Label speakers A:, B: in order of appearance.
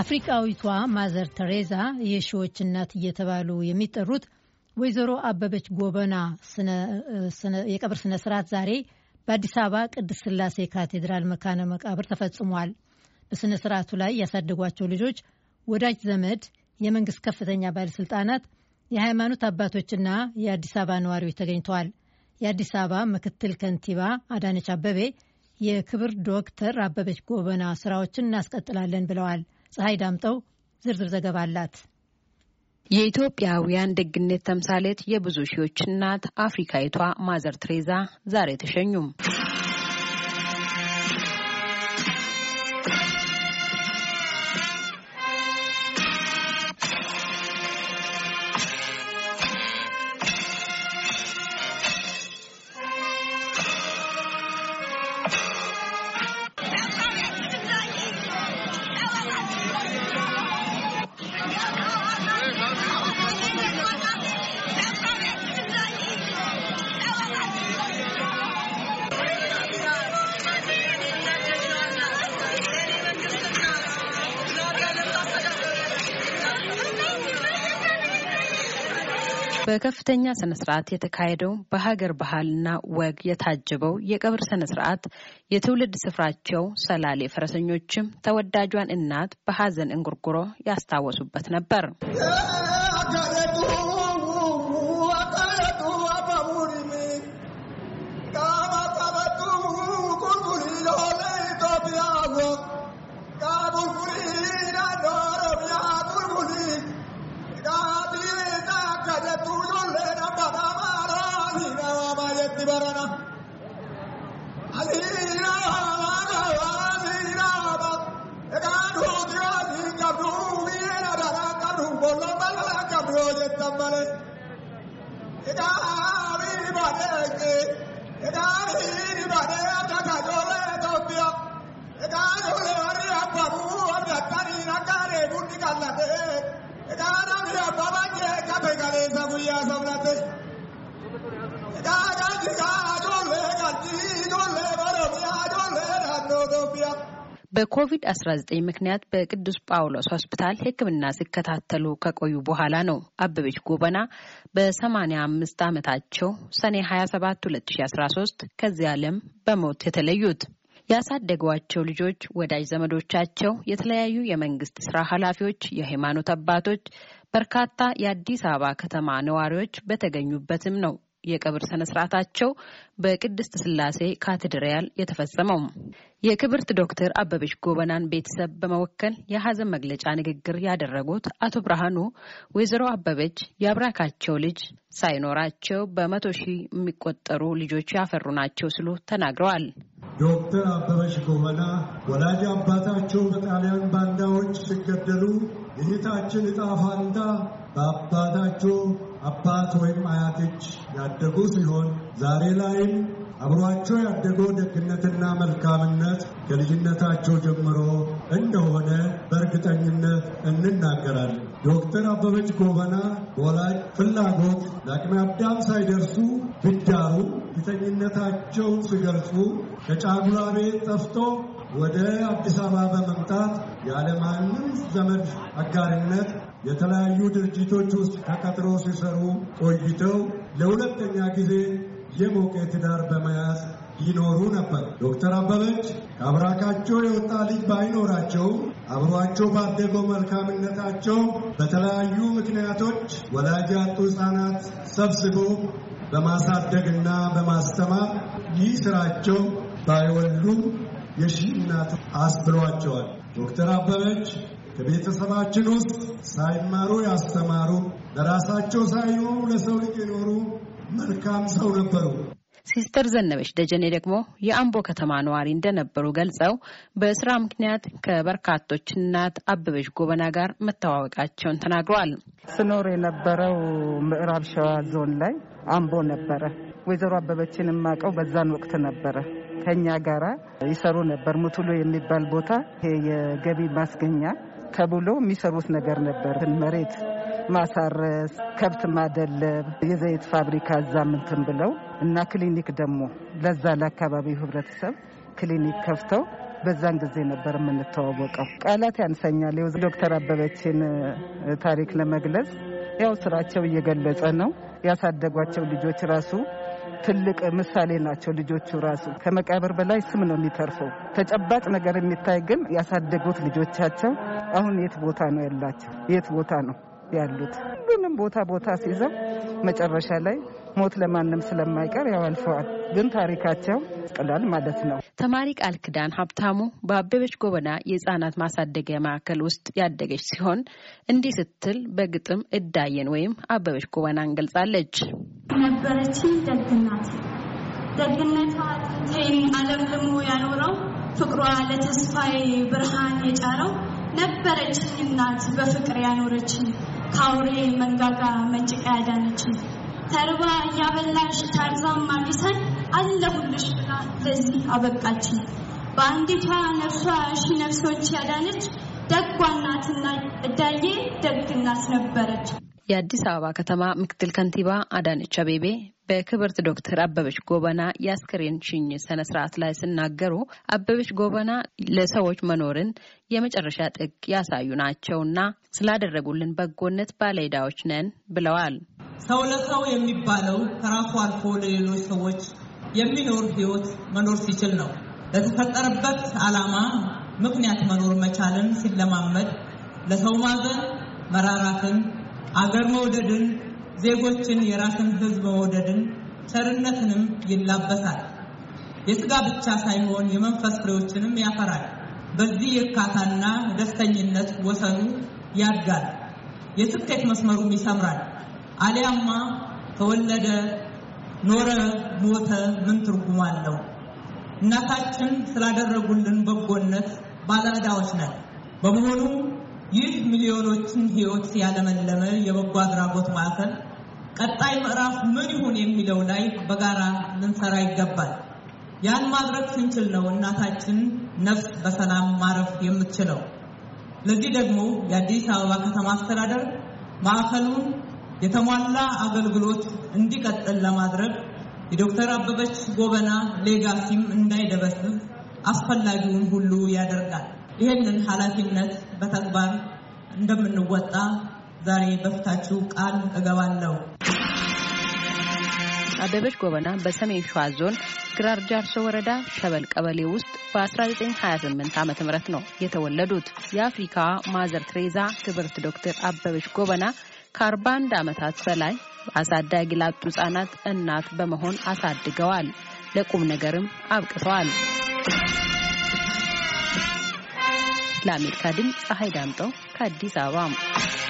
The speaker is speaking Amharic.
A: አፍሪቃዊቷ ማዘር ተሬዛ የሺዎች እናት እየተባሉ የሚጠሩት ወይዘሮ አበበች ጎበና የቀብር ስነ ስርዓት ዛሬ በአዲስ አበባ ቅድስት ስላሴ ካቴድራል መካነ መቃብር ተፈጽሟል። በስነ ስርዓቱ ላይ ያሳደጓቸው ልጆች፣ ወዳጅ ዘመድ፣ የመንግስት ከፍተኛ ባለስልጣናት፣ የሃይማኖት አባቶችና የአዲስ አበባ ነዋሪዎች ተገኝተዋል። የአዲስ አበባ ምክትል ከንቲባ አዳነች አበቤ የክብር ዶክተር አበበች ጎበና ስራዎችን እናስቀጥላለን ብለዋል። ፀሐይ ዳምጠው ዝርዝር ዘገባ አላት። የኢትዮጵያውያን ደግነት ተምሳሌት የብዙ ሺዎች እናት አፍሪካዊቷ ማዘር ቴሬዛ ዛሬ ተሸኙም። በከፍተኛ ስነ ስርዓት የተካሄደው በሀገር ባህልና ወግ የታጀበው የቀብር ስነ ስርዓት የትውልድ ስፍራቸው ሰላሌ ፈረሰኞችም ተወዳጇን እናት በሀዘን እንጉርጉሮ ያስታወሱበት ነበር።
B: മലേ ഇതാ അറിയുവാനേക്ക് ഇതാ അറിയുവാനേ തകജോലേ തോപ്പിയ ഇതാ ജോലേ അറിയാൻ പറു
A: በኮቪድ-19 ምክንያት በቅዱስ ጳውሎስ ሆስፒታል ሕክምና ሲከታተሉ ከቆዩ በኋላ ነው አበበች ጎበና በ85 ዓመታቸው ሰኔ 27 2013 ከዚህ ዓለም በሞት የተለዩት። ያሳደጓቸው ልጆች፣ ወዳጅ ዘመዶቻቸው፣ የተለያዩ የመንግስት ስራ ኃላፊዎች፣ የሃይማኖት አባቶች፣ በርካታ የአዲስ አበባ ከተማ ነዋሪዎች በተገኙበትም ነው የቀብር ስነ ስርዓታቸው በቅድስት ስላሴ ካቴድራል የተፈጸመው። የክብርት ዶክተር አበበች ጎበናን ቤተሰብ በመወከል የሀዘን መግለጫ ንግግር ያደረጉት አቶ ብርሃኑ ወይዘሮ አበበች የአብራካቸው ልጅ ሳይኖራቸው በመቶ ሺህ የሚቆጠሩ ልጆች ያፈሩ ናቸው ሲሉ ተናግረዋል።
C: ዶክተር አበበች ጎበና ወላጅ አባታቸው በጣሊያን ባንዳዎች ሲገደሉ የጌታችን ዕጣ ፋንታ በአባታቸው አባት ወይም አያቶች ያደጉ ሲሆን ዛሬ ላይም አብሯቸው ያደገው ደግነትና መልካምነት ከልጅነታቸው ጀምሮ እንደሆነ በእርግጠኝነት እንናገራለን። ዶክተር አበበች ጎበና በወላጅ ፍላጎት ለአቅመ አዳም ሳይደርሱ ብዳሩ ፊተኝነታቸውን ሲገልጹ ከጫጉላ ቤት ጠፍቶ ወደ አዲስ አበባ በመምጣት ያለማንም ዘመድ አጋርነት የተለያዩ ድርጅቶች ውስጥ ተቀጥሮ ሲሰሩ ቆይተው ለሁለተኛ ጊዜ የሞቀ ትዳር በመያዝ ይኖሩ ነበር። ዶክተር አበበች ከአብራካቸው የወጣ ልጅ ባይኖራቸው አብሯቸው ባደገው መልካምነታቸው በተለያዩ ምክንያቶች ወላጅ ያጡ ሕፃናት ሰብስቦ በማሳደግና በማስተማር ይህ ስራቸው ባይወሉም የሺህ እናት አስብሏቸዋል። ዶክተር አበበች ከቤተሰባችን ውስጥ ሳይማሩ ያስተማሩ፣ ለራሳቸው ሳይሆኑ ለሰው ልጅ የኖሩ መልካም ሰው ነበሩ።
A: ሲስተር ዘነበች ደጀኔ ደግሞ የአምቦ ከተማ ነዋሪ እንደነበሩ ገልጸው በስራ ምክንያት ከበርካቶች እናት አበበች ጎበና ጋር መተዋወቃቸውን ተናግረዋል። ስኖር የነበረው
D: ምዕራብ ሸዋ ዞን ላይ አምቦ ነበረ። ወይዘሮ አበበችን የማውቀው በዛን ወቅት ነበረ። ከኛ ጋራ ይሰሩ ነበር። ሙቱሎ የሚባል ቦታ የገቢ ማስገኛ ተብሎ የሚሰሩት ነገር ነበር መሬት ማሳረስ፣ ከብት ማደለብ፣ የዘይት ፋብሪካ ምንትን ብለው እና ክሊኒክ ደግሞ ለዛ ለአካባቢው ህብረተሰብ ክሊኒክ ከፍተው በዛን ጊዜ ነበር የምንተዋወቀው። ቃላት ያንሰኛል ዶክተር አበበችን ታሪክ ለመግለጽ ያው ስራቸው እየገለጸ ነው። ያሳደጓቸው ልጆች ራሱ ትልቅ ምሳሌ ናቸው። ልጆቹ ራሱ ከመቃብር በላይ ስም ነው የሚተርፈው። ተጨባጭ ነገር የሚታይ ግን ያሳደጉት ልጆቻቸው አሁን የት ቦታ ነው ያላቸው? የት ቦታ ነው ያሉት ሁሉንም ቦታ ቦታ ሲይዘው መጨረሻ ላይ ሞት ለማንም ስለማይቀር ያው አልፈዋል። ግን ታሪካቸው
A: ቅላል ማለት ነው። ተማሪ ቃል ክዳን ሀብታሙ በአበበች ጎበና የህጻናት ማሳደጊያ ማዕከል ውስጥ ያደገች ሲሆን እንዲህ ስትል በግጥም እዳየን ወይም አበበች ጎበና እንገልጻለች።
D: ነበረች ደግናት ደግነቷ ተይን አለምልሞ ያኖረው ፍቅሯ ለተስፋዬ ብርሃን የጫረው ነበረችኝ እናት በፍቅር ያኖረችኝ ከአውሬ መንጋጋ መንጭቃ ያዳነችን ተርባ እያበላሽ ታርዛም ማግሰን አለሁልሽ ብላ ለዚህ አበቃችን። በአንዲቷ ነፍሷ ሺ ነፍሶች ያዳነች ደጓናትና እዳዬ ደግ ነበረች።
A: የአዲስ አበባ ከተማ ምክትል ከንቲባ አዳነች አቤቤ በክብርት ዶክተር አበበች ጎበና የአስክሬን ሽኝት ስነ ስርዓት ላይ ሲናገሩ አበበች ጎበና ለሰዎች መኖርን የመጨረሻ ጥግ ያሳዩ ናቸውና ስላደረጉልን በጎነት ባለዕዳዎች ነን ብለዋል።
D: ሰው ለሰው የሚባለው ከራሱ አልፎ ለሌሎች ሰዎች የሚኖር ህይወት መኖር ሲችል ነው። ለተፈጠረበት ዓላማ ምክንያት መኖር መቻልን ሲለማመድ ለሰው ማዘን መራራትን አገር መውደድን፣ ዜጎችን የራስን ህዝብ መውደድን፣ ቸርነትንም ይላበሳል። የስጋ ብቻ ሳይሆን የመንፈስ ፍሬዎችንም ያፈራል። በዚህ የእርካታና ደስተኝነት ወሰኑ ያድጋል፣ የስኬት መስመሩም ይሰምራል። አሊያማ ተወለደ፣ ኖረ፣ ሞተ ምን ትርጉም አለው? እናታችን ስላደረጉልን በጎነት ባለዕዳዎች ነን። በመሆኑ ይህ ሚሊዮኖችን ህይወት ያለመለመ የበጎ አድራጎት ማዕከል ቀጣይ ምዕራፍ ምን ይሁን የሚለው ላይ በጋራ ልንሰራ ይገባል። ያን ማድረግ ስንችል ነው እናታችን ነፍስ በሰላም ማረፍ የምትችለው። ለዚህ ደግሞ የአዲስ አበባ ከተማ አስተዳደር ማዕከሉን የተሟላ አገልግሎት እንዲቀጥል ለማድረግ የዶክተር አበበች ጎበና ሌጋሲም እንዳይደበስብ አስፈላጊውን ሁሉ ያደርጋል። ይህንን ኃላፊነት በተግባር እንደምንወጣ ዛሬ በፊታችሁ ቃል እገባለሁ።
A: አበበች ጎበና በሰሜን ሸዋ ዞን ግራር ጃርሶ ወረዳ ሸበል ቀበሌ ውስጥ በ1928 ዓ ም ነው የተወለዱት። የአፍሪካ ማዘር ትሬዛ ክብርት ዶክተር አበበች ጎበና ከ41 ዓመታት በላይ አሳዳጊ ላጡ ህጻናት እናት በመሆን አሳድገዋል። ለቁም ነገርም አብቅተዋል። ለአሜሪካ ድምፅ ፀሐይ ዳምጠው ከአዲስ አበባ